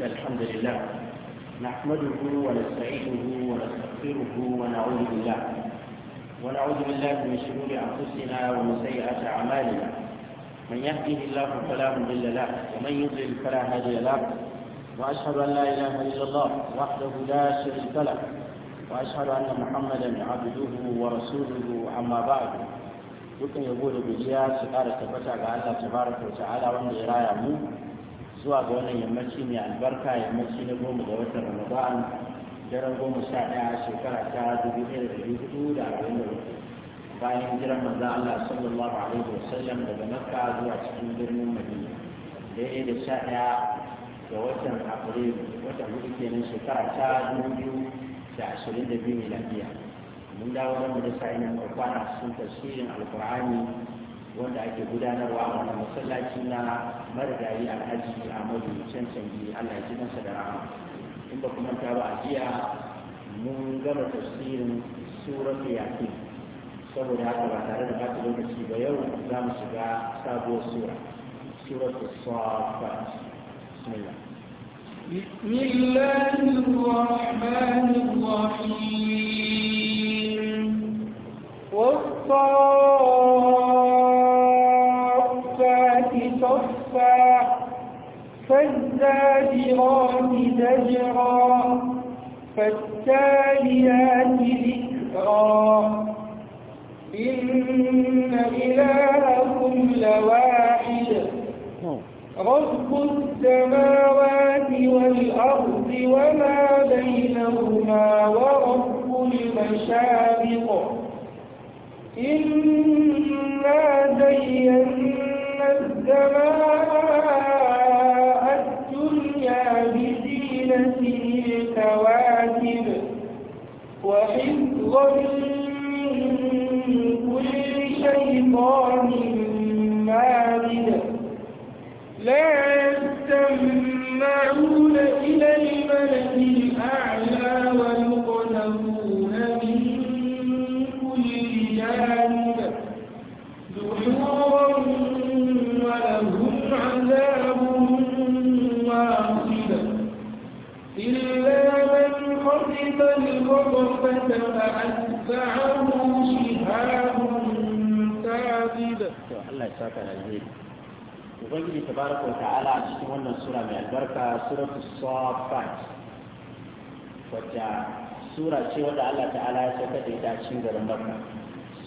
إن الحمد لله نحمده ونستعينه ونستغفره ونعوذ بالله ونعوذ بالله من شرور أنفسنا ومن سيئات أعمالنا من يهده الله فلا مضل له ومن يضلل فلا هادي له وأشهد أن لا إله إلا الله وحده لا شريك له وأشهد أن محمدا عبده ورسوله أما بعد dukkan yabo da godiya su ƙara tabbata ga Allah tabaraka wa ta'ala wanda ya raya mu zuwa ga wannan yammaci mai albarka yammaci na goma ga watan ramadan daren goma sha ɗaya shekara ta dubu ɗaya da dubu hudu da arba'in da hudu bayan jiran manzo Allah sallallahu alaihi wasallam daga makka zuwa cikin birnin madina daidai da sha ɗaya ga watan afrilu watan hudu kenan shekara ta dubu biyu da ashirin da biyu lafiya. mun dawo don mu da sa'in alƙur'ani sun tafsirin alƙur'ani wanda ake gudanarwa a wannan masallaci na marigayi alhaji amadu, cancanci allah ya ji kansa da rahama in ba kuma ta ba a jiya mun gama tafsirin suratu yasin saboda haka ba tare da bata lokaci ba yau za mu shiga sabuwar sura bismillah بسم الله الرحمن الرحيم فالزاجرات زجرا فالتاليات ذكرا إن إلهكم لواحد رب السماوات والأرض وما بينهما ورب المشابق إنا زينا السماء ومن كل شيطان لا يتبعهم شهاب سادد الله يساك الهيد ubangiji tabaraka wa ta'ala a cikin wannan sura mai albarka suratul safat wacce sura ce wadda Allah ta'ala ya saukar da ita cikin garin Makka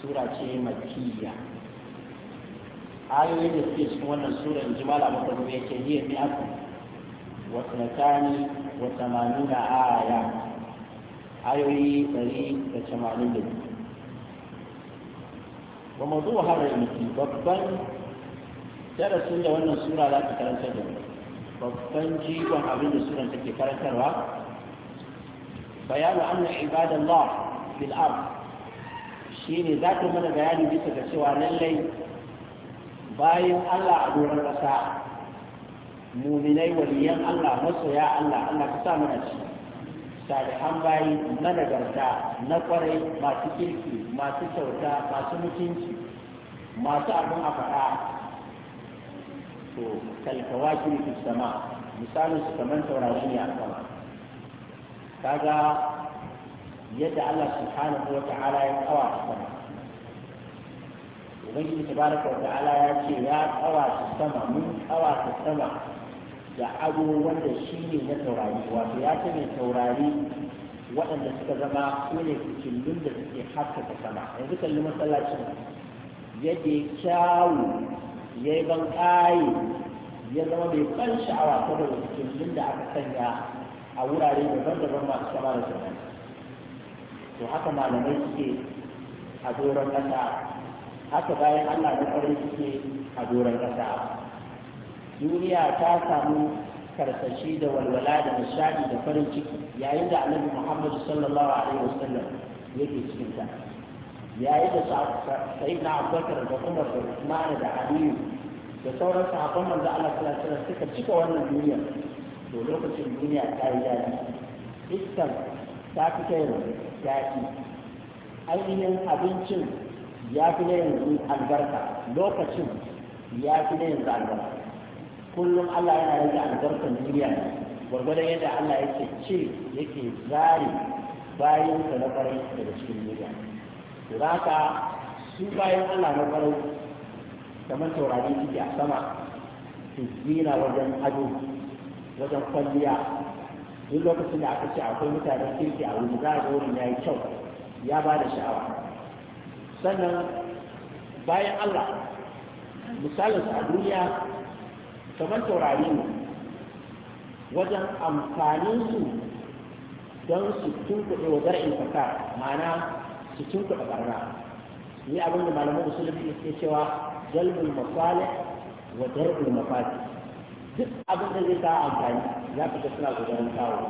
sura ce makkiya ayoyi da suke cikin wannan sura in ji yake yi ne aku wa aya ayoyi Ba wa zuwa har miki babban darasin da wannan sura za ta karanta da babban jigon abin da suran take karantarwa bayanu anna ibadallah bil ard shine za ta mana bayani bisa ga cewa lallai bayan Allah a doron ƙasa muminai waliyan Allah masoya Allah Allah ka sa mana ciki salihan bayi na nagarta na kwarai masu kirki masu kyauta masu mutunci masu abin a faɗa to kalkawaki fi sama misalin su kamar taurari ne a sama kaga yadda Allah subhanahu wa ta'ala ya kawa a sama ubangiji tabaraka wa ta'ala ya ce ya kawa sama mun kawa sama da ado wanda shi ne na taurari wato ya sani taurari waɗanda suka zama su ne fitillun da suke haskaka sama yanzu kalli masallacin yadda ya kyawu ya yi ban ya zama mai ban sha'awa saboda fitillun da aka sanya a wurare daban-daban masu sama da juna to haka malamai suke a doron ƙasa haka bayan allah na ƙwarai suke a doron ƙasa duniya ta samu karsashi da walwala da nishadi da farin ciki yayin da annabi muhammadu sallallahu alaihi wasallam yake cikin ta yayin da sai na abubakar da kuma da usman da aliyu da sauran sahabban manzo Allah sallallahu alaihi suka cika wannan duniya to lokacin duniya ta yi daɗi iskar ta fi ta yanzu daɗi ainihin abincin ya fi na yanzu albarka lokacin ya fi na yanzu albarka kullum Allah yana rage albarkar duniya gwargwadon yadda Allah yake ce yake zari bayan sa na kwarai daga cikin duniya to za ka su bayan Allah na kwarai kamar taurari suke a sama su zina wajen ado wajen kwalliya duk lokacin da aka ce akwai mutanen kirki a wuri za a ga wurin ya yi kyau ya ba da sha'awa sannan bayan Allah misalin a duniya kamar taurari ne wajen amfanin su don su tunkuɗe wa zar'in faka ma'ana su tunkuɗe barna ni abin da sulubi musulunci ke cewa jalbul masalih wa darbul mafasi duk abin da zai sa amfani ya ka ga suna gudanar kawo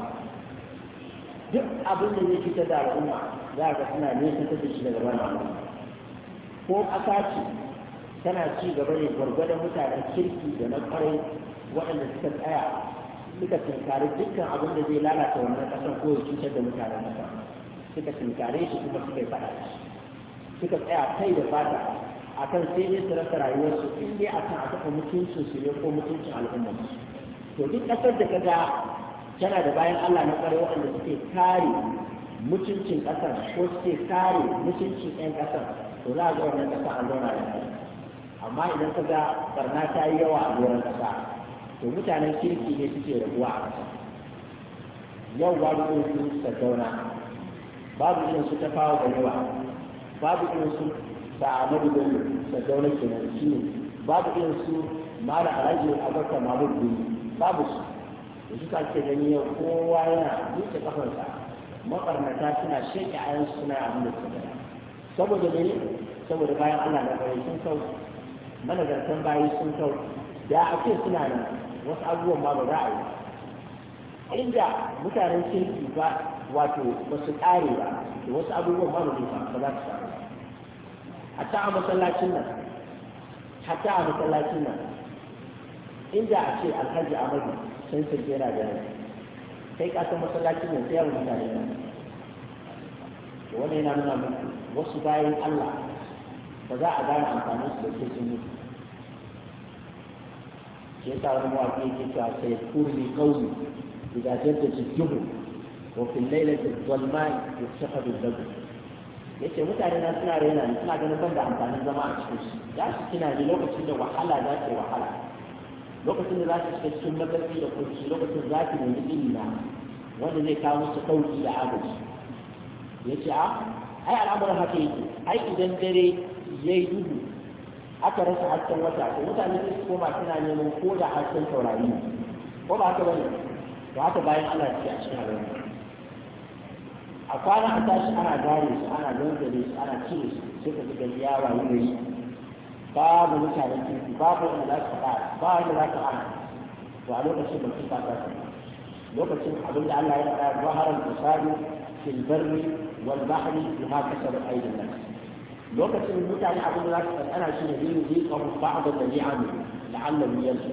duk abin da zai fita da al'umma za ka suna nesa ta shi daga wannan ko ƙasa ce tana ci gaba ne gwargwadon mutanen kirki da na kwarai waɗanda suka tsaya suka tunkari dukkan abin da zai lalata wannan ƙasar ko ya cutar da mutanen ƙasar suka tunkare shi kuma suka yi faɗa suka tsaya kai da fata akan sai dai su rasa rayuwarsu in dai kan a taɓa su ne ko mutuncin al'ummarsu to duk ƙasar da ka ga tana da bayan Allah na kwarai waɗanda suke kare mutuncin ƙasar ko suke kare mutuncin ƴan ƙasar to za a ga wannan ƙasa an zauna da amma idan ka ga barna ta yi yawa a doron ƙasa to mutanen kirki ne suke rabuwa a ƙasa yau babu irin su sadauna babu irin su tafawa da yawa babu irin su da amadu da ke nan shi ne babu irin su mara alhaji abubakar mahmud bin babu su da suka ce gani yau kowa yana duka kafarsa makarnata suna sheƙi ayansu suna abin da suka saboda ne saboda bayan allah na bayan sun kawo manazartan bayi sun kau da a ce suna nan wasu abubuwan ma ba za a yi inda mutanen kirki ba wato ba su kare ba da wasu abubuwan ma ba za su samu hatta a masallacin nan hatta a masallacin nan inda a ce alhaji amadu sun sirke yana da kai kasan masallacin nan sai yawon mutane nan Wani yana nuna muku wasu bayan allah ba za a gane amfanin su da ke sun mutu shi yasa wani mawaƙi yake cewa sai kurmi kauni idan ta jijibu wa fil lailati dhulmani da dhulmani ya ce mutane na suna raina ni suna ganin ban da amfanin zama a cikin shi za su kina ne lokacin da wahala za ta yi wahala lokacin da za su shiga cikin magarfi da kurci lokacin za su nemi ilimi wanda zai kawo musu sauki da agaji ya ce a ah, ai al'amuran haka yake ai idan dare ya yi duhu aka rasa hasken wata ko mutane sai su koma suna neman ko da hasken taurari ko ba haka ba ne to haka bayan Allah ce a cikin halin a kwana a tashi ana gare su ana gangare su ana cire su sai ka ji gari ya wayi gari babu mutanen kirki babu wanda za su faɗa ba wanda za su ana to a lokacin ba su fata lokacin abin da Allah ya faɗa ba haram tusabi fil barri wal bahri bima kasabat aydin nas lokacin mutane abin da za su ana shi ne yin zai kawo ba'ad da ni amin Allah mu yanzu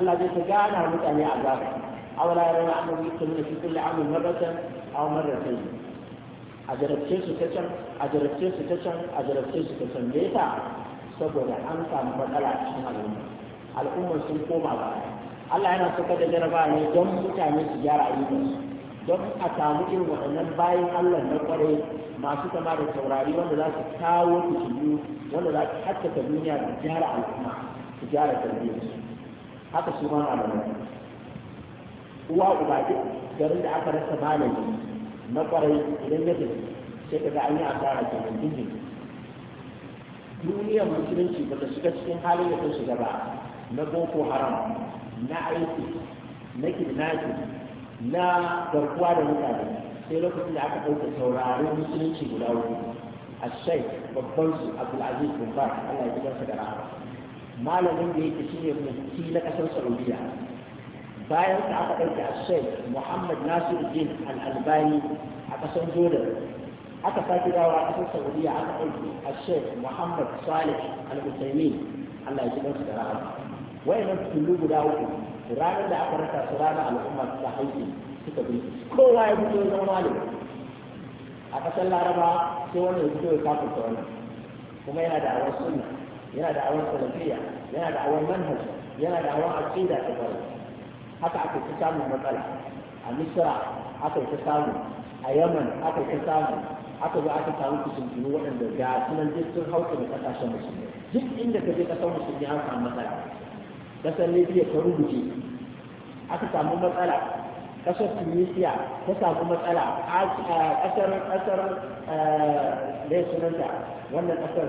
Allah zai ta gana mutane a zaka awala yaran annabi kullu fi kulli amin marratan aw marratayn a jarabce su ta can a jarabce su ta can a jarabce su ta can me yasa saboda an samu matsala a cikin al'umma al'ummar sun koma baya Allah yana saka da jaraba ne don mutane su gyara ayyukansu don a samu irin waɗannan bayan Allah na ƙwarai masu kama da saurari wanda za su kawo fitilu wanda za su haskaka duniya da gyara al'umma su gyara tarbiyyar su haka su ma malamai uwa uba duk garin da aka rasa malami na ƙwarai idan ya tafi sai kaga an yi asara kenan dindin duniyar musulunci ba ta shiga cikin halin da ta shiga ba na boko haram na aiki na kidnapping na garkuwa da mutane sai lokacin da aka ɗauka sauraron musulunci guda hudu a shai babban su abdulaziz bin ba allah ya ji kansa da rahama malamin da yake ne mufti na ƙasar saudiya bayan ka aka ɗauke a shai muhammad nasiruddin al-albani a ƙasar jordan aka sake dawo a ƙasar saudiya aka ɗauke a shai muhammad salih al-husaymin allah ya ji kansa da rahama wayannan tullu guda uku ranar da aka rasa su ranar al'umma ta haiti suka bi kowa ya fito zama malu a ƙasar laraba sai wanda ya fito ya kafin ta wannan kuma yana da awar sunna yana da awar salafiya yana da awar manhaj yana da awar aqida ta bari haka aka ta samu matsala a misra aka ta samu a yaman aka ta samu aka zo aka samu kusurkuru waɗanda ga sunan duk hauka da ƙasashen musulmi duk inda ka je ƙasar musulmi an samu matsala kasar libya ta rubuce aka samu matsala kasar tunisia ta samu matsala kasar kasar da sunanta wannan kasar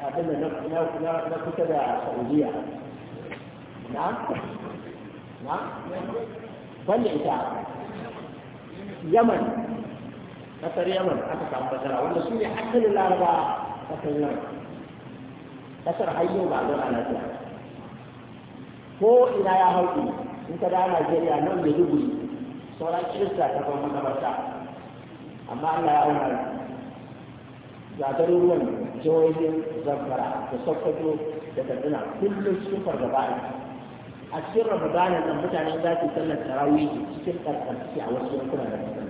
abin da na kusa da saudiya na na wanda ita yaman kasar yaman aka samu matsala wanda su ne asalin laraba kasar yaman kasar har yau ba zuwa lafiya ko ina ya hau ne in ka da Najeriya nan da dubu sauran kirista ta kwan makabarta amma Allah ya auna ga garuruwan jihohin zamfara da sokoto da kaduna kullum da fargaba a cikin ramadana nan mutanen za su sallar tarawih cikin karkarci a wasu yankunan da kasar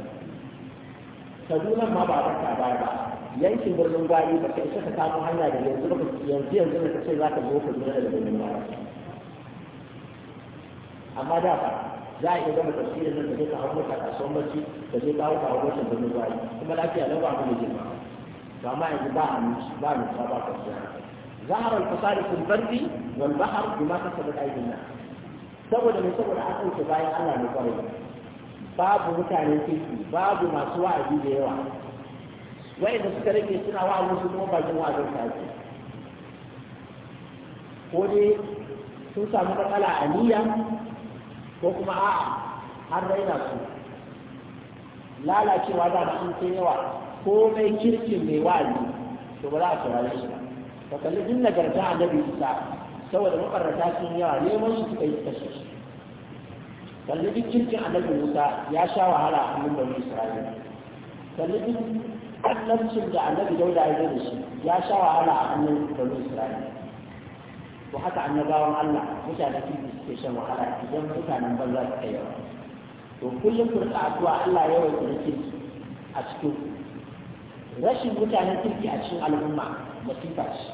kaduna ma ba a ta baya ba yankin birnin gwari ba ka isa ka samu hanya da yanzu yanzu yanzu da ka ce za ka zo ka zo da birnin gwari amma da fa za a iya gama tafsirin nan da zai kawo mota kasuwan bacci da zai kawo kawo mota da zuwa yi kuma lafiya lau ba mu da girma ba ma yanzu ba a ba mu ba kwanciya zahar al-fasad fil barri wal bahr bima kasabat aydin nas saboda ne saboda an ɗauke bayan Allah ne kwarai babu mutanen kirki babu masu wa'azi da yawa wa'inda suka rage suna wa'azi su kuma bakin wa'azin kaji ko dai sun samu matsala a niyya ko kuma a'a an raina su lalacewa da su kai yawa ko mai kirkin mai wa'azi to ba za a saurare shi ba ka kalli duk nagarta nabi isa saboda makarrata sun yawa neman shi suka yi kashe shi kalli duk kirkin annabi musa ya sha wahala a hannun bani isra'ila kalli duk annabcin da annabi dauda ya da shi ya sha wahala a hannun bani isra'ila ko haka annabawan allah mutane kirki ke shan wahala idan mutanen su kai yawa to kullum kurka Allah ya yawaita da kirki a cikin rashin mutanen kirki a cikin al'umma masifa ce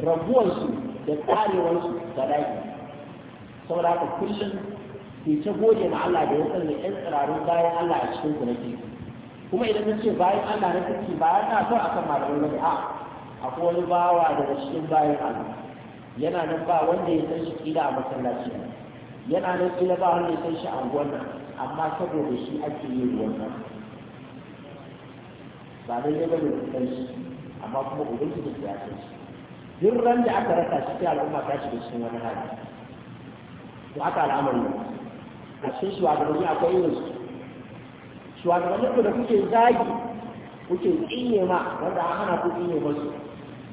rabuwarsu da tsarewarsu da daji saboda haka kullum ke ta gode ma Allah da ya sanya ƴan tsirarun bayan Allah a cikin ku na kirki kuma idan na ce bayan Allah na kirki ba ya na so kan malamai ba a akwai wani bawa daga cikin bayan Allah yana nan ba wanda ya san shi kila a masallaci yana nan kila ba wanda ya san shi a gwanna amma saboda shi ake yin wannan ba dai ne bane da san shi amma kuma ubangiji ya san shi duk ran da aka rasa shi ta al'umma ta shiga cikin wani hali to aka al'amari ne a cikin shugabanni akwai irin su shugabanni da kuke zagi kuke tsinye ma wanda an hana ku tsinye masu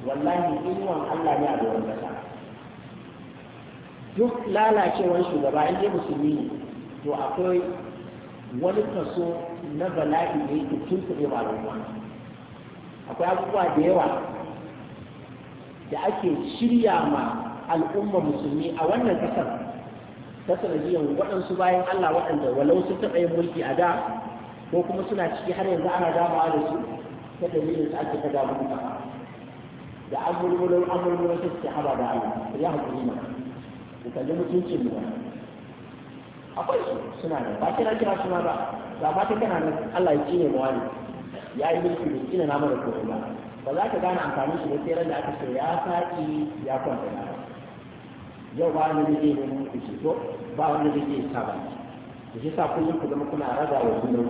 wallahi inuwan Allah ne a doron kasa duk lalacewar shugaba in dai musulmi ne to akwai wani kaso na bala'i da yake tuntuɓe ba akwai abubuwa da yawa da ake shirya ma al'umma musulmi a wannan kasar ta sanadiyar waɗansu bayan Allah waɗanda walau sun taɓa yin mulki a da ko kuma suna ciki har yanzu ana damawa da su ta dalilin su ake ta damu da an mulmulo an mulmulo sai su haɓa da Allah ya su mutunci ne ba, akwai su suna da ba kira kira suna ba ba ma ta kana nan Allah ya kine mu wani ya yi mulki da kina na mara ko ba ba za ka gane amfani shi ne tsere da aka ce ya saki ya kwanta na yau ba wani zai ne mun kici to ba wani zai yi saba ki shi sa kullum ku zama kuna raga wa junan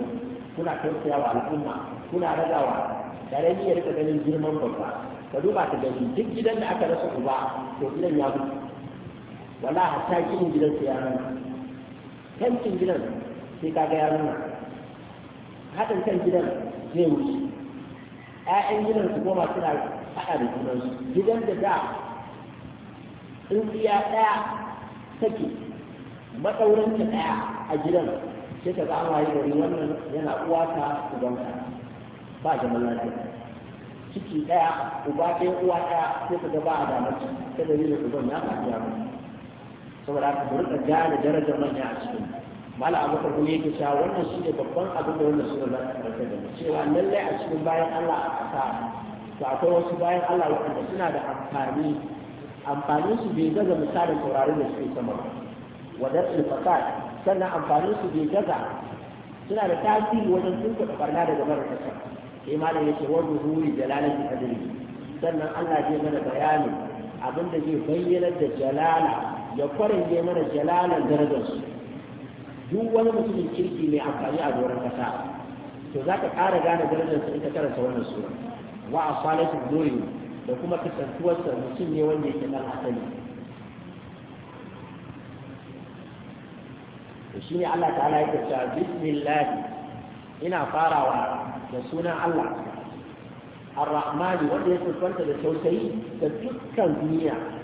kuna tausaya wa al'umma kuna raga wa ni ya rika ganin girman babba ka duba ka gani duk gidan da aka rasa uba to gidan ya mutu wala hatta kin gidan su yaran kan kin gidan sai ka ga yaran nan haɗin kan gidan zai wuce ƴaƴan gidan su goma suna haɗa da gidan su gidan da da tsintsiya ɗaya take maɗauranta ɗaya a gidan sai ka ga an waye gari wannan yana uwata ubanka ba zaman lafiya ciki ɗaya uba ɗaya uwa ɗaya sai ka ga ba a damar ta dalilin uban ya faɗi ya mutu saboda aka bari rika gane darajar manya a cikin mala abubakar kuma yake cewa wannan shi ne babban abin da wannan suna za ta karanta da mu cewa lallai a cikin bayan Allah a ƙasa to akwai wasu bayan Allah wanda suna da amfani amfanin su bai gaza misalin taurarin da suke sama ba wadar ilfasad sannan amfanin su bai gaza suna da tasiri wajen tunkuɗa barna daga mara kasa sai malam yake wani ruhi jalalin kadiri sannan Allah zai mana bayanin abin da zai bayyana da jalala ya kwarange mana jalalan darajarsu duk wani mutumin kirki mai amfani a doron kasa to za ka ƙara gane darajarsa in ka karanta wannan sura wa a salatin nuri da kuma kasantuwarsa mutum ne wanda yake nan asali shi ne Allah ta'ala ya cewa bismillah ina farawa da sunan Allah ar-rahmani wanda ya kusanta da tausayi da dukkan duniya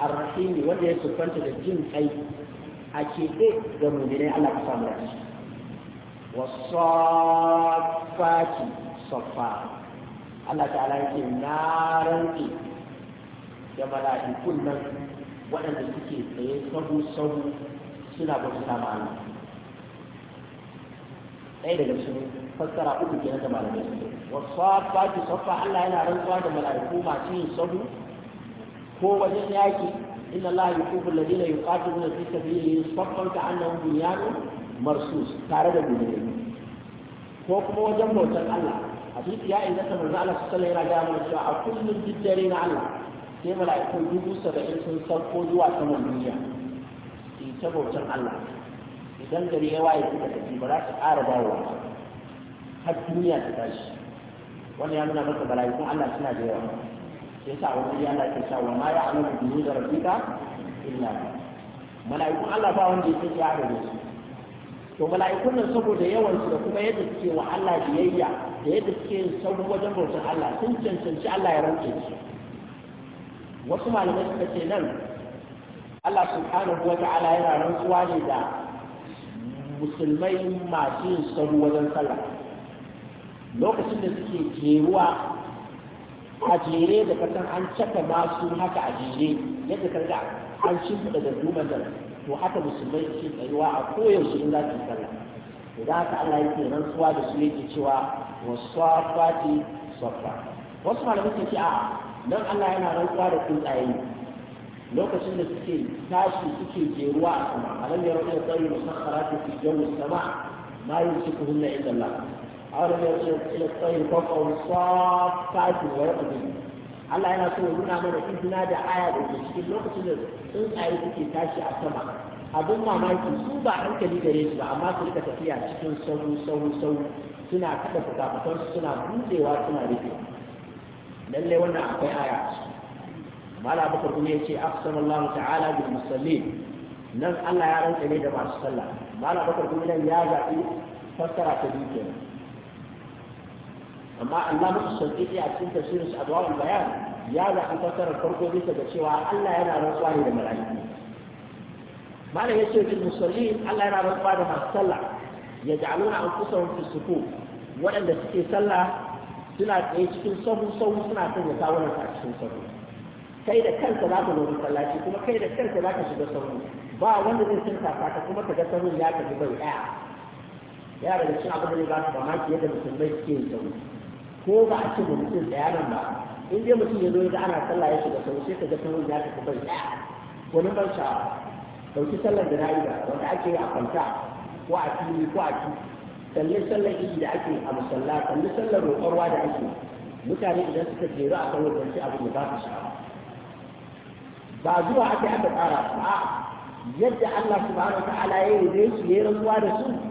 arrahimi wanda ya sufanta da jin kai a keɓe ga mummune Allah ka samu rashi wasafati safa Allah ta'ala yake na rantsi da mala'ikun nan waɗanda suke tsaye sabu sabu suna bauta sama Allah ɗaya daga cikin fassara uku ke kenan da malamai Wasu wasafati safa Allah yana rantsuwa da mala'iku masu yin sabu ko wajen yaki inna Allah ya kufu ladina yuqatiluna fi sabilihi saffan ta annahum bunyanun marsus tare da gudu-gudu. ko kuma wajen bautar Allah a cikin ya inda ta manzo Allah sallallahu alaihi wasallam yana cewa a kullum diddare na Allah sai mala'iku dubu saba'in sun sauko zuwa saman duniya ta bautar Allah idan gari ya waye suka tafi ba za ta ƙara dawowa ba har duniya ta tashi wannan ya nuna maka mala'ikun Allah suna da yawa yasa wani ya ke sa wa ma ya alamu bihi da rabbika illa mala'ikun Allah ba wanda yake ya da su to mala'ikun nan saboda yawan su da kuma yadda suke wa Allah biyayya da yadda suke yin sauri wajen bautar Allah sun cancanci Allah ya rantse su wasu malamai suka ce nan Allah subhanahu wa ta'ala yana rantsuwa ne da musulmai masu yin sauri wajen sallah lokacin da suke jeruwa a jere da kasan an caka masu haka a jere yadda karga an shimfiɗa da duman da to haka musulmai ke tsayuwa a koyaushe in za su yi sallah to da haka Allah yake rantsuwa da su yake cewa wasafati safa wasu malamai sun a dan Allah yana rantsuwa da tsuntsaye lokacin da suke tashi suke jeruwa a sama alam yarau ila tsayi musakharatin fi jawi sama ma yusikuhunna illa Allah har ya ce sai bakwai safati wa rabbi Allah yana so ya nuna mana izina da aya da cikin lokacin da tsuntsaye suke tashi a sama abin mamaki su ba hankali gare su ba amma su rika tafiya cikin sauri sauri sauri suna kada fukafukansu suna buɗewa suna rufe lalle wannan akwai aya mala bakar kuma yace ahsanallahu ta'ala bil musallin nan Allah ya rantsa ne da masu sallah mala bakar kuma nan ya zabi fassara ta dukiya amma Allah mutu sauƙiƙi a cikin tafsirin su adwa'ul bayan ya da an fassara farko bisa ga cewa Allah yana rantsuwa ne da mala'iku malam yace bil musallin Allah yana rantsuwa da masu sallah ya ja'aluna anfusahum fi sukun waɗanda suke sallah suna tsaye cikin sahu sahu suna sanya kawunan a cikin sahu kai da kanka za ka zo masallaci kuma kai da kanka za ka shiga sahu ba wanda zai san ka kuma ka ga sahun ya tafi bai ɗaya Yara da cikin abin da za ka mamaki yadda musulmai suke yin sahu ko ba a ce da mutum da nan ba in dai mutum ya zo ga ana sallah ya shiga sau sai ka ga sauran ya ka bai tsaya wani ban sha'awa dauki sallar da nayi ba wanda ake yi a kwanta ko a fili ko a ki kalli sallar idi da ake a musalla kalli sallar roƙarwa da ake mutane idan suka jeru a kan wajen abu abin da ba su sha'awa ba zuwa ake aka tsara ba yadda Allah subhanahu wa ta'ala ya yi da su yi rantsuwa da su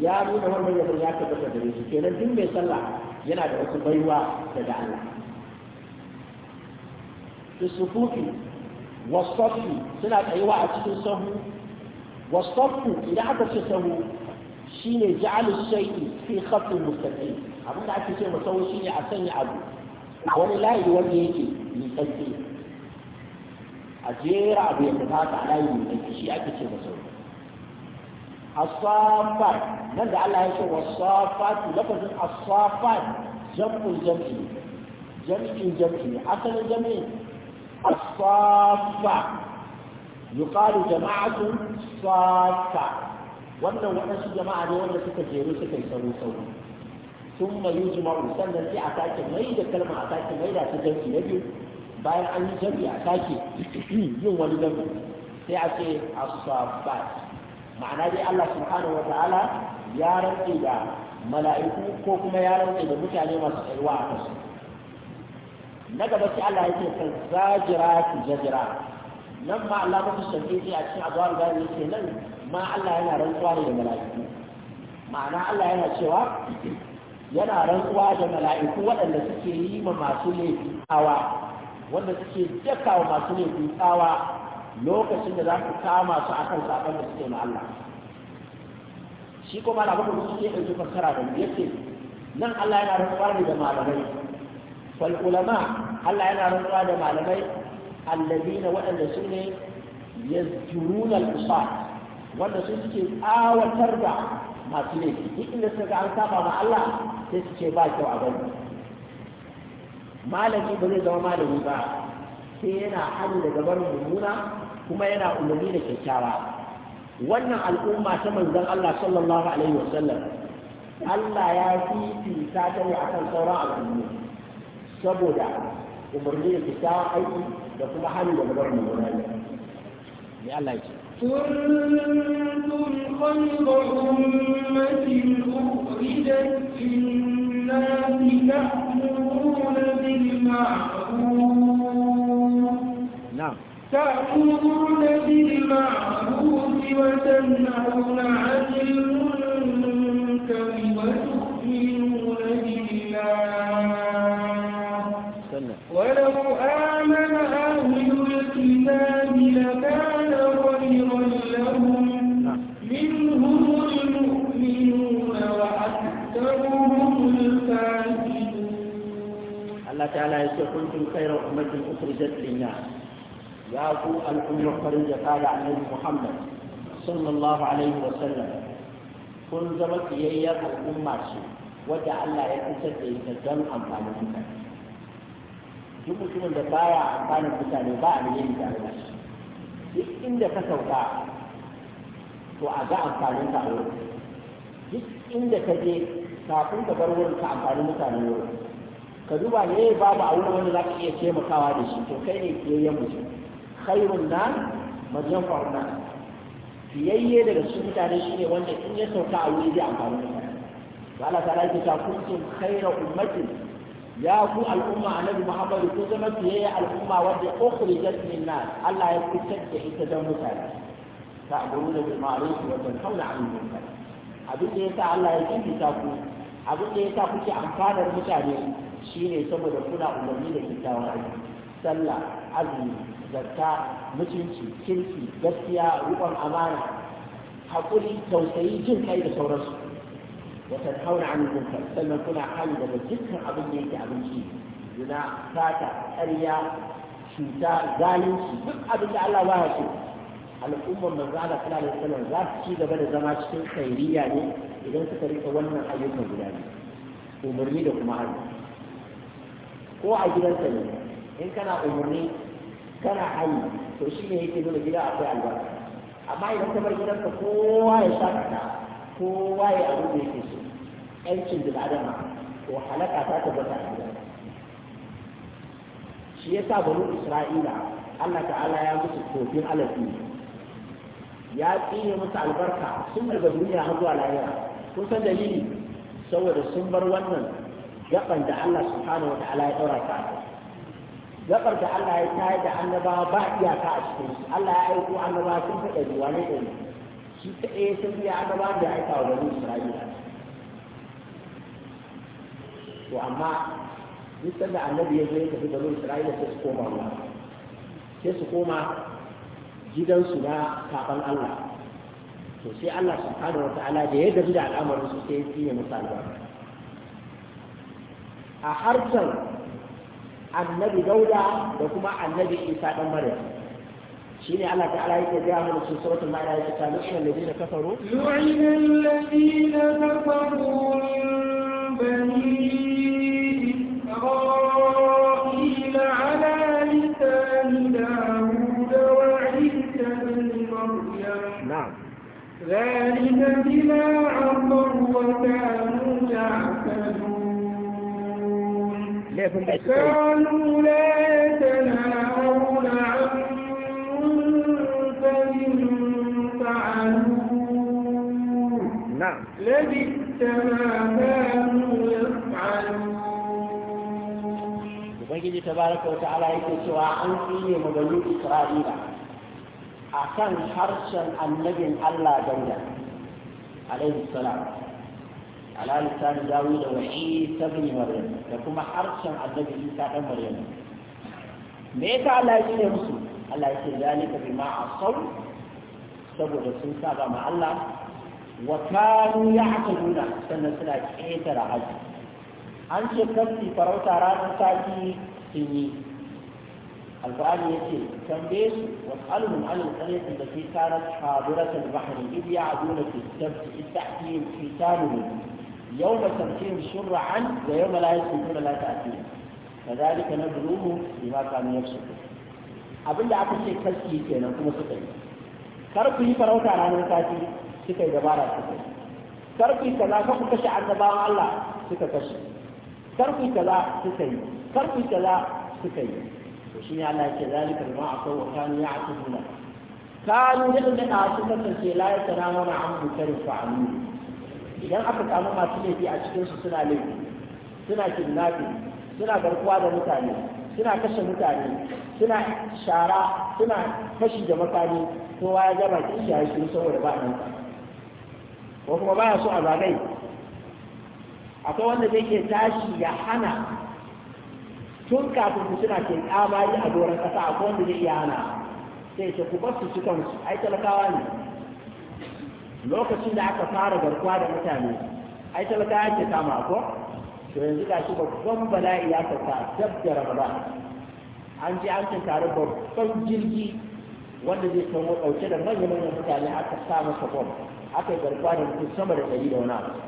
ya nuna wannan yabon ya tabbata da shi kenan duk mai sallah yana da wasu baiwa daga Allah fi sufufi wasafi suna tsayuwa a cikin sahu wasafu idan aka ce sahu shi shine ja'alu shay'i fi khatin mustaqim abin da ake ce shi ne a sanya abu a wani layi wani yake miƙaƙƙe a jera abu yadda tafi haka a layi miƙaƙƙe shi ake ce masahu asabar nan da Allah ya ce wa safatu lafazin as-safat jam'u jam'i jam'in jam'i asalin jam'i as-safa yuqalu jama'atu safa wannan wadansu jama'a ne wanda suka jeru suka yi sauri sauri ثم jima'u. sannan sai a sake mai da kalma a sake mai da ta jam'i na biyu bayan an yi jam'i a sake yin wani jam'i sai a ce as-safat ma'ana dai Allah subhanahu wa ta'ala ya rantse da mala'iku ko kuma ya rantse da mutane masu tsayuwa a kansu na gaba sai Allah yake san zajira ki zajira nan ma Allah ba sanke shafi a cikin azwar da yake nan ma Allah yana rantsuwa ne da mala'iku ma'ana Allah yana cewa yana rantsuwa da mala'iku waɗanda suke yi ma masu laifi tsawa wanda suke daka masu laifi tsawa lokacin da za su kama su akan sakon da suke ma Allah shi ko malaman da suke ɗauki fassara da yake nan Allah yana rantsuwa ne da malamai fal ulama Allah yana rantsuwa da malamai allazina waɗanda su ne yazjuruna al-qisas wanda su suke tsawatar da masu laifi duk inda suka ga an saba ma Allah sai su ce ba kyau a gani malami ba zai zama malami ba sai yana hannu da gabar mummuna kuma yana umarni da kyakkyawa wannan al'umma ta manzon Allah sallallahu alaihi wasallam Allah ya fifita ta ne akan sauran al'umma saboda umarni da kyakkyawan aiki da kuma hali da gabar mu gudanar ya Allah ya ce كنتم خير أمة أخرجت للناس تأمرون بالمعروف نعم تأمرون بالمعروف وتنهون ya zo al'ummar farin jaka da annabi muhammad sallallahu alaihi wasallam kun zama tsiyayyar al'umma ce wadda allah ya fitar da ita don amfanin mutane duk mutumin da baya amfanin mutane ba a nemi da Allah duk inda ka sauka to a ga amfanin ka a wurin duk inda ka je kafin ka bar wurin ka mutane ka duba ne babu a wurin wanda za ka iya taimakawa da shi to kai ne khairun na, man yanfa'u nas fiyayye daga cikin mutane shi ne wanda in ya sauka a wuri zai amfani mutane to Allah ta yake ta kuntum khayra ummatin ya ku al'umma annabi Muhammad ku zama fiyayye al'umma wadda ukhrijat min nas Allah ya fitar da ita don mutane ta'muruna bil ma'ruf wa tanhauna 'anil munkar abin da yasa Allah ya kinta ku abin da yasa kuke amfanar mutane shine saboda kuna umarni da kyakkyawan aiki sallah azumi zakka mutunci kirki gaskiya rukon amana haƙuri tausayi jin kai da sauransu wa tanhauna an munkar sannan kuna hali daga dukkan abin da yake abinci zina fata ƙarya cuta zalunci duk abin da Allah ba ya al'ummar manzo Allah sallallahu alaihi za su ci gaba da zama cikin kairiya ne idan suka rika wannan ayyukan guda biyu umarni da kuma hannu ko a gidansa ne in kana umarni kana hayi to shi ne yake nuna gida akwai albarka amma idan ka bar gidanka kowa ya shakata kowa ya abu da yake so yancin bil adama to halaka ta tabbata a gidanka shi yasa banu isra'ila Allah ta'ala ya musu kofin alafi ya tsine musu albarka sun daga duniya har zuwa lahira kun san dalili saboda sun bar wannan gaban da Allah subhanahu wa ta'ala ya daura ta gabar da Allah ya tayar da annabawa ba iyaka a cikin su Allah ya aiko annabawa sun fada zuwa wani ɗari shi ta ɗaya sun biya annaba da aika wa bani Isra'ila to amma duk sanda annabi ya zo ya tafi bani Isra'ila sai su koma ruwa sai su koma gidansu na kafan Allah to sai Allah subhanahu wata'ala da ya gaji da al'amarin su sai ya fiye musu albarka a harshen annabi dauda da kuma annabi isa dan maryam shine Allah ta'ala yake ga mu cikin suratul maida yake ta nu'ina da kafaru nu'ina alladhina kafaru bani isra'il ala lisan daud wa isa ibn maryam na'am ذلك بما عصوا وكانوا يعتدون laifin da suka yi kanu la yatanawuna an munkarin fa'alu na'am labitta ma kanu yaf'alun ubangiji tabaraka wa ta'ala yake cewa an tsine mu bani isra'ila akan harshen annabin Allah dauda alaihi salam ala lisan dawud wa isa ibn maryam da kuma harshen annabi isa dan maryam me yasa Allah ya ce musu Allah ya ce zalika bima asaw saboda sun saba ma Allah wa kanu ya'taduna sannan suna ketara haji an ce kafi farauta ranar sati sun yi alƙur'ani ya ce tambaye su was'aluhum an alƙaryatin يوم تركهم شرعا ويوم لا يسكتون لا تأتيهم كذلك نبلوهم بما كانوا يفسقون abin da aka ce kaski kenan kuma suka yi kar ku yi farauta ranar sati suka yi dabara suka yi kar ku yi kaza ka ku kashe annabawan Allah suka kashe kar ku yi kaza suka yi kar ku yi kaza suka yi to shi ne Allah ya ce zalika bima asaw wa kanu ya'tuduna kanu yadda da su kasance la yatanamuna an mukarin fa'alu idan aka samu masu laifi a cikinsu suna laifi suna kidnapping suna garkuwa da mutane suna kashe mutane suna shara suna fashi da makami kowa ya gama ki shi haishu saboda ba nan ko kuma baya so a zagai akwai wanda zai ke tashi ya hana tun kafin su suna ke kamari a doron kasa akwai wanda zai iya hana sai ce ku su cikin su ai talakawa ne lokacin da aka fara garkuwa da mutane ai talaka yake kama ko to yanzu ga shi babban bala'i ya sauka dab da an ji an tare babban jirgi wanda zai samu ɗauke da manyan mutane aka sa masa bom aka yi garkuwa da mutum sama da ɗari da wani abu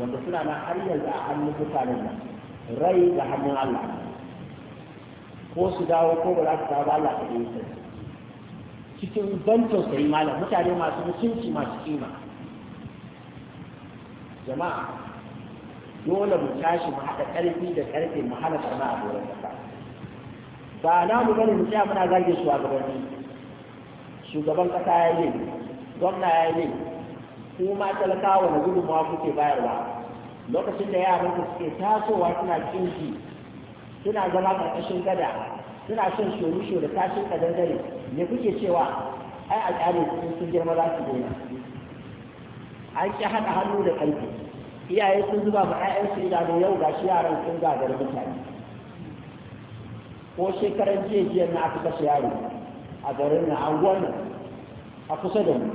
wanda suna na har yanzu a hannun mutanen nan rai da hannun allah ko su dawo ko ba za su dawo ba allah ta ɗaya cikin ban tausayi malam mutane masu mutunci masu kima jama'a dole mu tashi mu haɗa ƙarfi da ƙarfe mu hana sana a doron ƙasa ba na mu bane mu tsaya muna zage shuwagabanni. shugaban ƙasa ya yi gwamna ya yi kuma talakawa na gudunmawa kuke bayarwa lokacin da yaran suke tasowa suna cinki suna zama ƙarƙashin gada suna son shoru da tashin kadangare ne kuke cewa ai a kyale sun girma za su gona an ki haɗa hannu da ƙarfi iyaye sun zuba ma 'ya'yansu idanu yau ga shi yaran sun gagari mutane ko shekaran jiya na aka kashe yaro a garin na anguwan a kusa da mu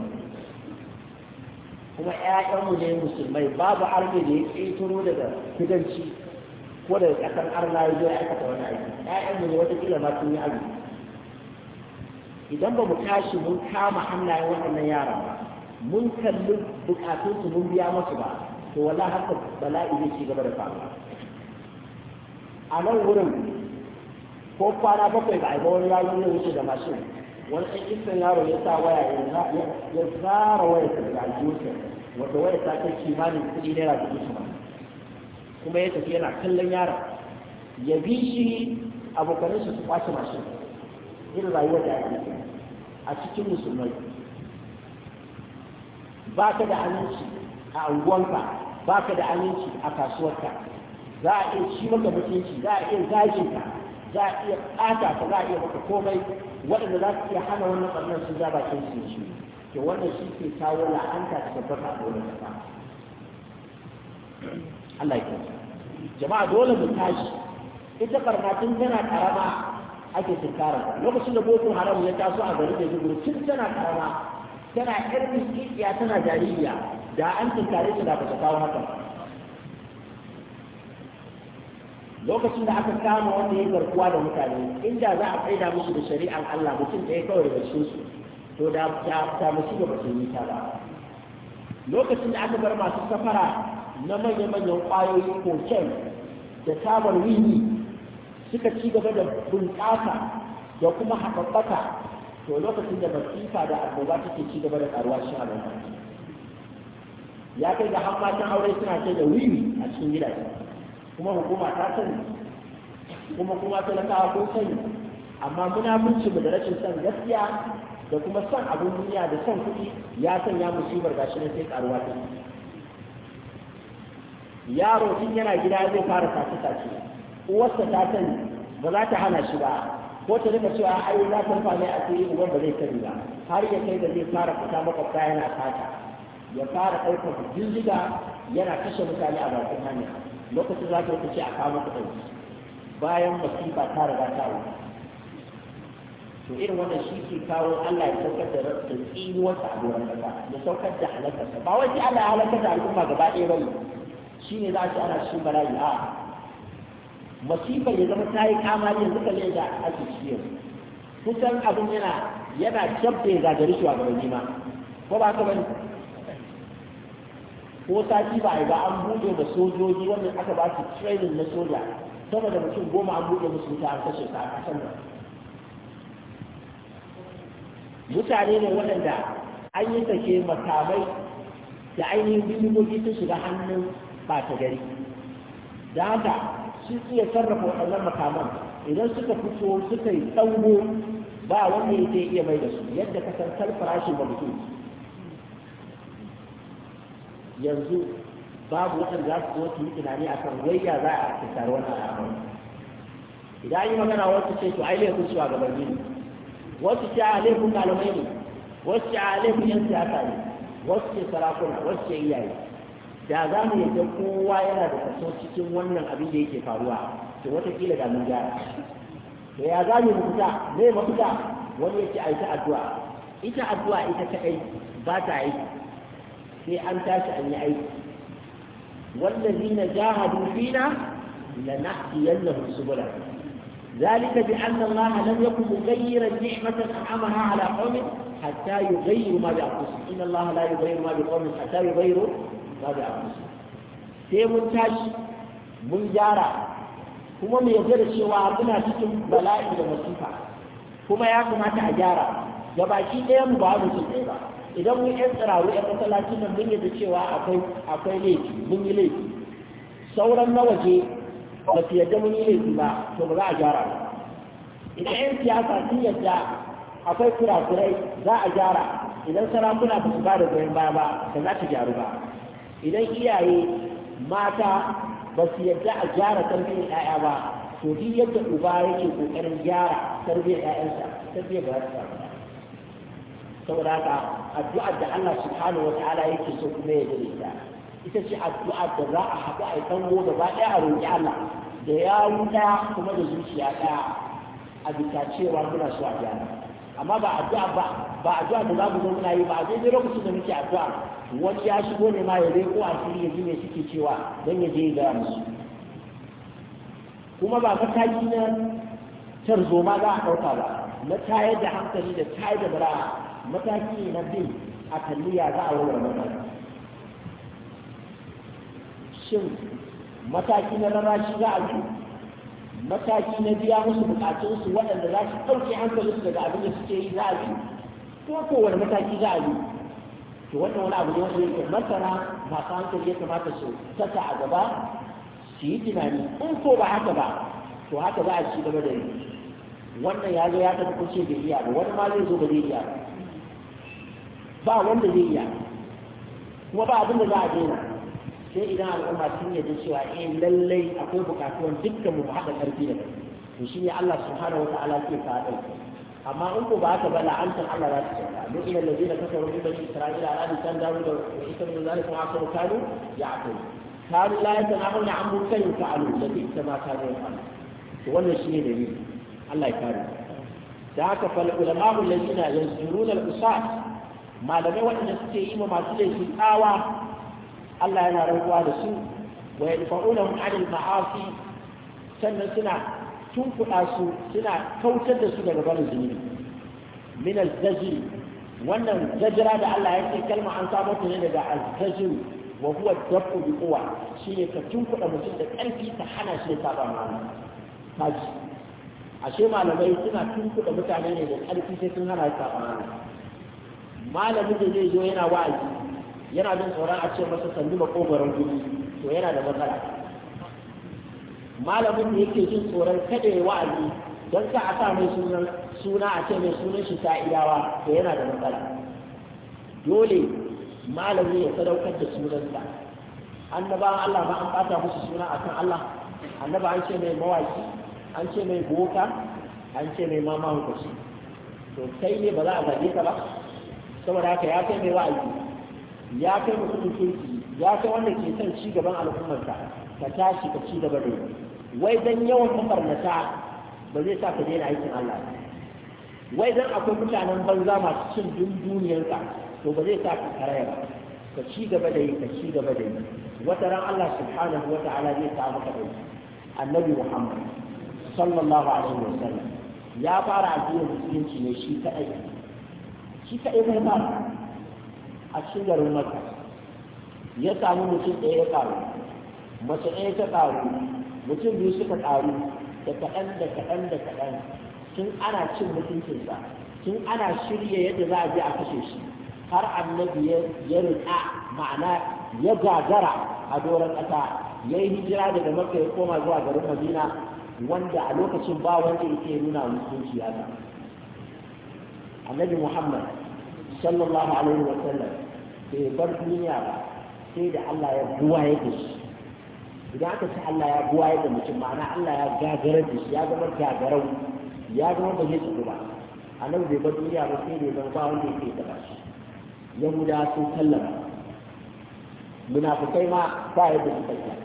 kuma 'ya'yanmu ne musulmai babu arme da ya ƙetaro daga kudanci ko da kasar arna ya zo ya aikata wani aiki ƴaƴan mu wata kila ma sun yi azumi idan ba mu tashi mun kama hannayen waɗannan yara ba mun kalli bukatunsu mun biya musu ba to wala haka bala'i zai ci gaba da faruwa a nan wurin ko kwana bakwai ba a ga wani yaro ne wuce da mashin wani ɗan yaro ya sa waya ya zara waya ta da ajiyarsa wata waya ta kai kimanin kuɗi naira dubu sama kuma ya tafi yana kallon yaron ya bi shi abokanin su su kwace mashin irin rayuwar da ake a cikin musulmai ba ka da aminci a unguwanka ba ka da aminci a kasuwarka za a iya ci maka mutunci za a iya zagin ka za a iya ɓata ka za a iya maka komai waɗanda za su iya hana wannan ɓarnar su za bakin su shi ke wannan shi ke kawo la'anta ta babbar a gonar ba Allah ya jama'a dole mu tashi ita barna tana karama ake tunkara lokacin da boko haram ya taso a garin da zubur tun tana karama tana yar miskiya tana jaririya da an tunkare ta da ta kawo haka lokacin da aka kama wanda ya garkuwa da mutane inda za a faida musu da shari'ar Allah mutum ya kawai da su to da ta musu da ba ta ba lokacin da aka bar masu safara na manya-manyan ƙwayoyin koken da tabar wini suka ci gaba da bunƙasa da kuma haɓaɓɓaka to lokacin da masifa da abubuwa take ci gaba da ƙaruwa shi a ya kai da hammatan aure suna kai da wini a cikin gidaje kuma hukuma ta sani kuma kuma talakawa ko sani amma muna mu da rashin son gaskiya da kuma son abin duniya da son kuɗi ya sanya musibar gashi na sai ƙaruwa ta yaro in yana gida zai fara sace sace uwarsa ta sani ba za ta hana shi ba ko ta rika cewa ai za ta rufa mai asiri uban ba zai sani ba har ya kai da zai fara fita makwabta yana fata. ya fara ɗaukar jirgiga yana kashe mutane a bakin hanya lokacin za ta rika ce a kawo maka ɗauki bayan masifa ta riga ta wuce to irin wannan shi ke kawo Allah ya saukar da tsinuwarsa a doron kasa ya saukar da halakarsa ba wai sai Allah ya halakar da al'umma gaba ɗaya ba ne Shi ne za a ce ana cikin bala'i a masifar ya zama ta yi ne yanzu ne da ake ciki kusan abin yana yana jabbe ya gari shi a gaban nima ko ba ka bani ko sati ba a yi ba an buɗe da sojoji wannan aka ba su training na soja sama da mutum goma an buɗe musu wuta an kashe ta a kasan nan mutane ne waɗanda an yi sake makamai da ainihin bindigogi sun shiga hannun ta gari da haka sun iya sarrafa waɗannan makaman idan suka fito suka yi tsango ba wanda ya zai iya mai da su yadda ka san farashin da mutum yanzu babu waɗanda za su zo su yi tunani a kan waya za a tattara wani al'amari idan yi magana wasu ce to ai laifin shi a gaban gini, wasu ce a laifin malamai ne wasu ce a laifin yan siyasa ne wasu ce sarakuna wasu ce iyaye da za mu yadda kowa yana da kaso cikin wannan abin da yake faruwa to watakila da mun gyara to ya za mu fita mafita wani yake aita addu'a ita addu'a ita kadai ba ta aiki sai an tashi an yi aiki wallazina jahadu fina lanahdiyannahum subulana ذلك بأن الله لم يكن مغيرا نعمة أنعمها على قوم حتى يغيروا ما بأنفسهم إن الله لا يغير ما بقوم حتى يغيروا sai mun tashi mun gyara kuma mu yarda da cewa muna cikin bala'i da masifa kuma ya kamata a gyara da baki ɗaya mu ba mu ba idan mun yan tsiraru yan masallaci nan mun yarda cewa akwai laifi mun yi laifi sauran na waje ba su yarda mun yi laifi ba to ba za a gyara ba idan yan siyasa sun yarda akwai kurakurai za a gyara idan sarakuna ba su ba da goyon baya ba ba za ta gyaru ba idan iyaye mata ba su yadda a gyara tarbiyyar 'ya'ya ba to duk yadda uba yake ƙoƙarin gyara tarbiyyar ƴaƴansa tarbiyyar ba za ta samu saboda haka addu'ar da Allah subhanahu wa ta'ala yake so kuma ya gare ta ita ce addu'ar da za a haɗu a yi tango gaba ɗaya a roƙi Allah da ya ɗaya kuma da zuciya ɗaya a bisa cewa muna so a gyara amma ba addu'a ba ba addu'a da za mu zo muna yi ba a daidai lokacin da muke addu'a wani ya shigo ne ma ya leko a fili ya ji suke cewa don ya je ya gaya musu kuma ba mataki na tarzoma za a ɗauka ba na tayar da hankali da tayar da bara mataki ne na bin a kalliya za a warware mataki shin mataki na rana shi za a yi mataki na biya musu bukatunsu waɗanda za su ɗauke hankalinsu daga abin da suke yi za a yi ko kowane mataki za a yi to wannan wani abu ne wanda yake masana masu hankali ya kamata su saka a gaba su yi tunani in ko ba haka ba to haka za a ci gaba da yi wannan ya zo ya tafi kuce da iya ba wani ma zai zo ba zai iya ba wanda zai iya kuma ba abin da za a daina sai idan al'umma sun yadda cewa eh lallai akwai bukatuwan dukkan mu haɗa ƙarfi da to shi ne Allah subhanahu wa ta'ala ke ka ɗauki amma in ko ba haka ba la'antar Allah za ta sauka don ila ladina kafaru min bani isra'ila ala lisan dawo da isa min zalika ma kafaru kanu ta kanu la yatanahuna an yin fa'alu da bi ta ma kanu ya'qulu to wannan shi ne dalili Allah ya kare da haka fal ulama'u alladhina yanzuruna al-usat malamai wanda suke yi ma masu laifi tsawa Allah yana rantsuwa da su wa yadfa'unahum 'anil ma'asi sannan suna tunkuɗa su suna kautar da su daga barin zunubi min al-zajri wannan zajira da Allah ya ce kalma an samo ta ne daga al-zajr wa huwa dafu bi quwa shine ka tunkuɗa mutum da ƙarfi ta hana shi ya saba ma ashe malamai suna tunkuɗa mutane ne da ƙarfi sai sun hana shi saba ma malamin da zai zo yana wa'azi yana jin tsoron a ce masa sandu makogoron gudu to yana da matsala malamin da yake jin tsoron kada ya wa'azi don ka a sa mai sunan suna a ce mai sunan shi ta idawa to yana da matsala dole malami ya sadaukar da sunansa annabawan Allah ba an ɓata musu suna akan Allah annaba an ce mai mawaki an ce mai boka an ce mai mama to kai ne ba za a gaji ka ba saboda haka ya kai mai wa'azi ya kai mutumin kirki ya kai wanda ke son ci gaban al'ummarka ka tashi ka ci gaba da wai dan yawan mabarnata ba zai sa ka daina aikin Allah wai dan akwai mutanen banza masu cin dun duniyarka to ba zai sa ka karaya ba ka ci gaba da yi ka ci gaba da yi wata ran Allah subhanahu wa ta'ala zai ta maka da annabi Muhammad sallallahu alaihi wa sallam ya fara addinin musulunci ne shi kadai shi kadai bai fara a cikin garin maka ya samu mutum ɗaya ya ƙaru mace ɗaya ta ƙaru mutum biyu suka ƙaru da kaɗan da kaɗan da kaɗan tun ana cin mutuncinsa tun ana shirya yadda za a je a kashe shi har annabi ya riƙa ma'ana ya gagara a doron ƙasa ya yi hijira daga maka ya koma zuwa garin madina wanda a lokacin ba wanda yake nuna mutunci ya annabi muhammad sallallahu alaihi wa sallam bai bar duniya ba sai da Allah ya buwaye da shi idan aka ce Allah ya buwaye da mutum ma'ana Allah ya gagara da shi ya zama gagarau ya zama ba zai tsugu ba nan bai bar duniya ba sai da ya zama ba wanda yake taba shi yahuda sun sallama munafukai ma ba yadda suka yi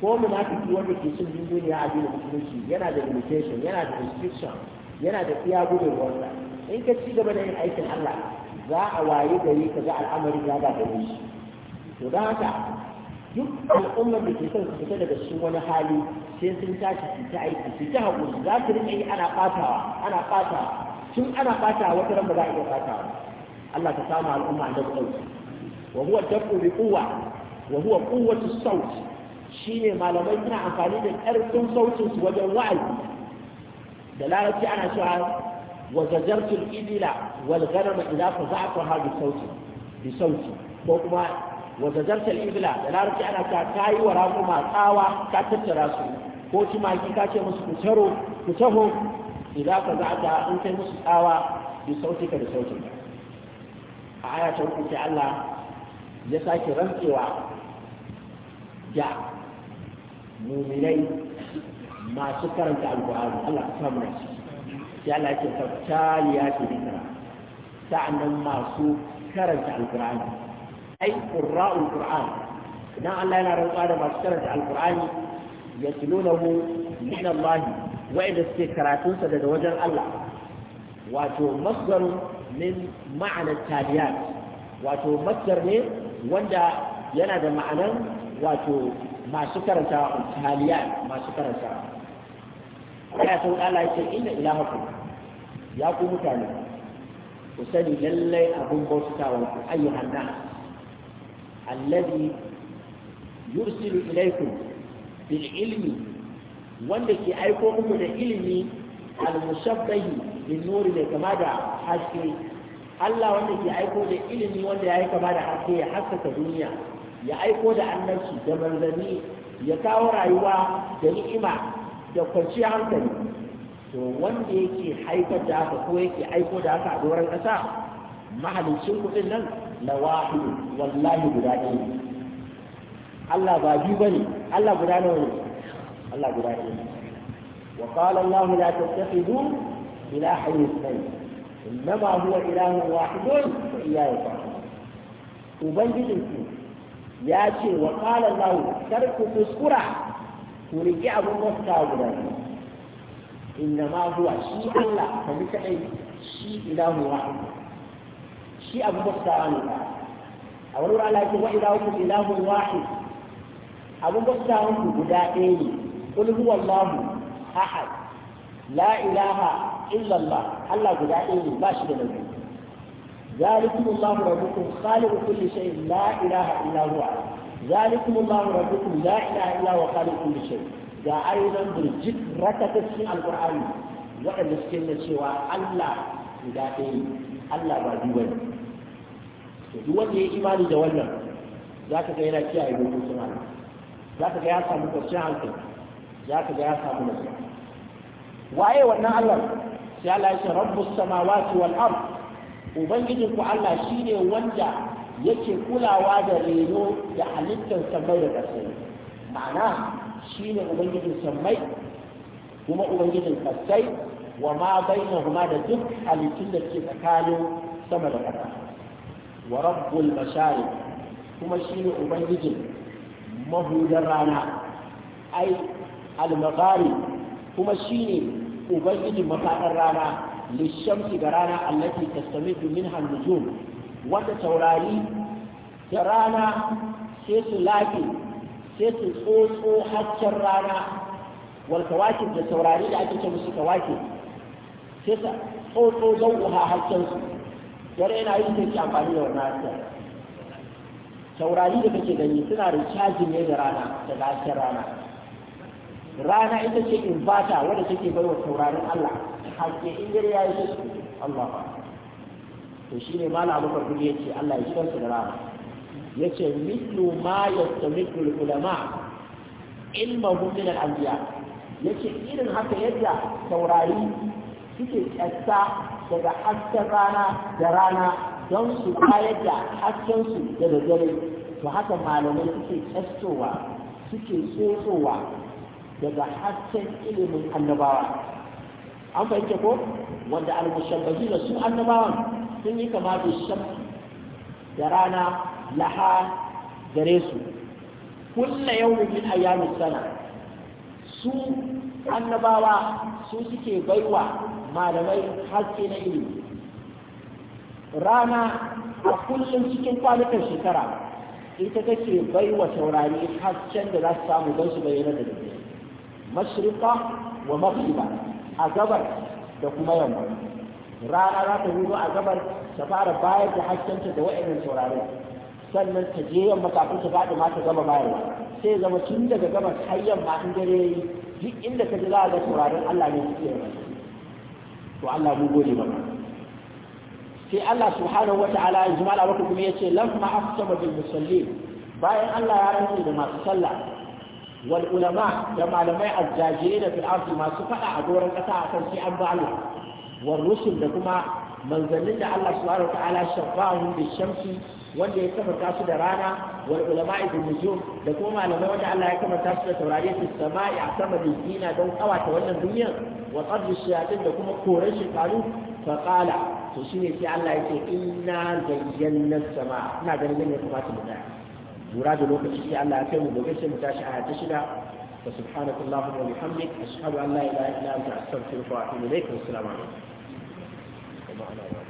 ko munafiki wanda ke cin duniya a duniya musulunci yana da limitation yana da restriction yana da iya gudun wanda in ka ci gaba da yin aikin Allah za a waye gari ka ga al'amari ya ba da to da haka duk al'ummar da ke son su fita daga cikin wani hali sai sun tashi su ta aiki su ta haƙuri za su rinƙa yi ana ɓatawa ana ɓatawa tun ana ɓatawa wata ran ba za a iya ɓatawa Allah ta samu al'umma da ɗauki wa huwa dabu bi quwwa wa huwa quwwatu sawt shine malamai suna amfani da ƙarfin sautin su wajen wa'azi da larabci ana cewa وزجرت الإبل والغنم إذا فزعتها بصوت بصوت وكما وزجرت الإبل لا رجع أنا كاي وراكما قاوة كتتراسو كوتما كيكاتي مسكترو كتهم إذا فزعتها أنت مسكاوة بصوتك بصوتك آية تقول الله يساك رمكوا جاء مؤمنين ما سكرت القرآن الله كامل yana Allah ce tabtaliya ce dikra sa'annan masu karanta alqur'ani ai qurra'ul qur'an idan Allah yana rantsuwa da masu karanta alqur'ani mu min Allah wa'ida suke karatunsa daga wajen Allah wato masdarun min ma'anar tabiyat wato masdar ne wanda yana da ma'anar wato masu karanta taliya masu karanta aya ta Allah ya ce inna ilahakum ya ku mutane ku sani lallai abun bautawa ku ayyuhan nas alladhi yursilu ilaykum bil ilmi wanda ke aiko muku da ilimi al-mushabbahi bin nuri ne kama da haske Allah wanda ke aiko da ilimi wanda ya yi kama da haske ya haskaka duniya ya aiko da annabci da manzanni ya kawo rayuwa da ni'ima da kwanciyar hankali to wanda yake haifar da haka ko yake aiko da haka a doron ƙasa mahalicin kuɗin nan na wahidu wallahi guda ɗaya ne Allah ba biyu ne. Allah guda nawa ne Allah guda ɗaya ne wa qala Allah la tattakhidu ilahan ithnayn innama huwa ilahun wahidun wa yi fa'budun ubangijinku ya ce wa qala Allah kar ku kuskura ورجعه مستاجرا انما هو شيء الله فليس اي شيء اله واحد شيء مستاجرا أقول على كل إله إله واحد أبو بكر بدائي قل هو الله أحد لا إله إلا الله الله بدائي باشر الله ذلكم الله ربكم خالق كل شيء لا إله إلا هو أحد zalikum Allahu rabbukum la ilaha illa wa khaliqu kulli shay ga ayyukan burjik rakata cikin alqur'ani waɗanda suke nuna cewa Allah guda ɗaya Allah ba biyu bane to duk wanda ya imani da wannan zaka ga yana kiyaye dokokin Allah zaka ga ya samu kwanciyar hankali zaka ga ya samu nasiha waye wannan Allah sai Allah ya ce ubangijinku Allah shine wanda yake kulawa da reno da halittar sammai da ƙasai ma'ana shi ne ubangijin sammai kuma ubangijin ƙasai wa ma baina da duk halittun da ke tsakanin sama da ƙasa wa rabbul kuma shi ne ubangijin mahudar rana ai almagari kuma shi ne ubangijin mafaɗar rana lishamsi ga rana allati tastamidu minha nujum Wata taurari da rana sai su lafi sai su tsotso haccen rana wal kawakin da taurari da ake ce musu kawakin sai su tsotso zauha haccen su dare yana yin take amfani da wannan haccen taurari da kake gani suna cajin ne da rana da hasken rana rana ita ce in bata wadda take bai wa taurarin Allah hakke in ya yi su Allah to ne mala abu ya ce Allah ya kiransu da rana. ya ce mislu ma yastamidu ulama ilmahum min al-anbiya yace irin haka yadda taurari suke kyasta daga hasken rana da rana don su bayar da haskensu da daddare to haka malamai suke kyastowa suke tsotsowa daga hasken ilimin annabawa an fahimta ko wanda al mushabbihi da su annabawan sun yi kama da shab da rana laha gare su kulla yawmin min ayyamis sana su annabawa su suke baiwa malamai haske na ilimi rana a kullum cikin kwanukan shekara ita take baiwa taurari hasken da za su samu don su bayyana da dare mashriqa wa maghriba a gabar da kuma yamma rana za ta hudu a gabar ta fara bayar da haskenta da wa'annan sauraro sannan ta je yamma kafin ta faɗi ma ta gama bayarwa sai zama tun daga gabas har yamma in dare yayi duk inda ka ji za a ga sauraron Allah ne suke yamma to Allah mu gode ba. sai Allah subhanahu wata'ala ya jima Allah kuma ce, lamma aqsama bil musallin bayan Allah ya rantsa da masu sallah wal ulama da malamai jaje da fil masu faɗa a doron kasa akan sai an ba Allah wal rusul da kuma manzannin da Allah su wataala shafahu bi shamsi wanda ya kafarta su da rana wal ulama ibn nujum da kuma malamai wanda Allah ya kafarta su da taurari fi sama'i a sama da dina don kawata wannan duniyar wa qadru shayatin da kuma koran shekaru fa qala to shine sai Allah yake inna zayyana sama ina ganin ne kuma ta lura da lokaci sai Allah ya kai mu gobe sai mu tashi a ta shida wa subhanaka allahumma wa bihamdik ashhadu an la ilaha illa anta astaghfiruka wa atubu ilaik wa assalamu alaikum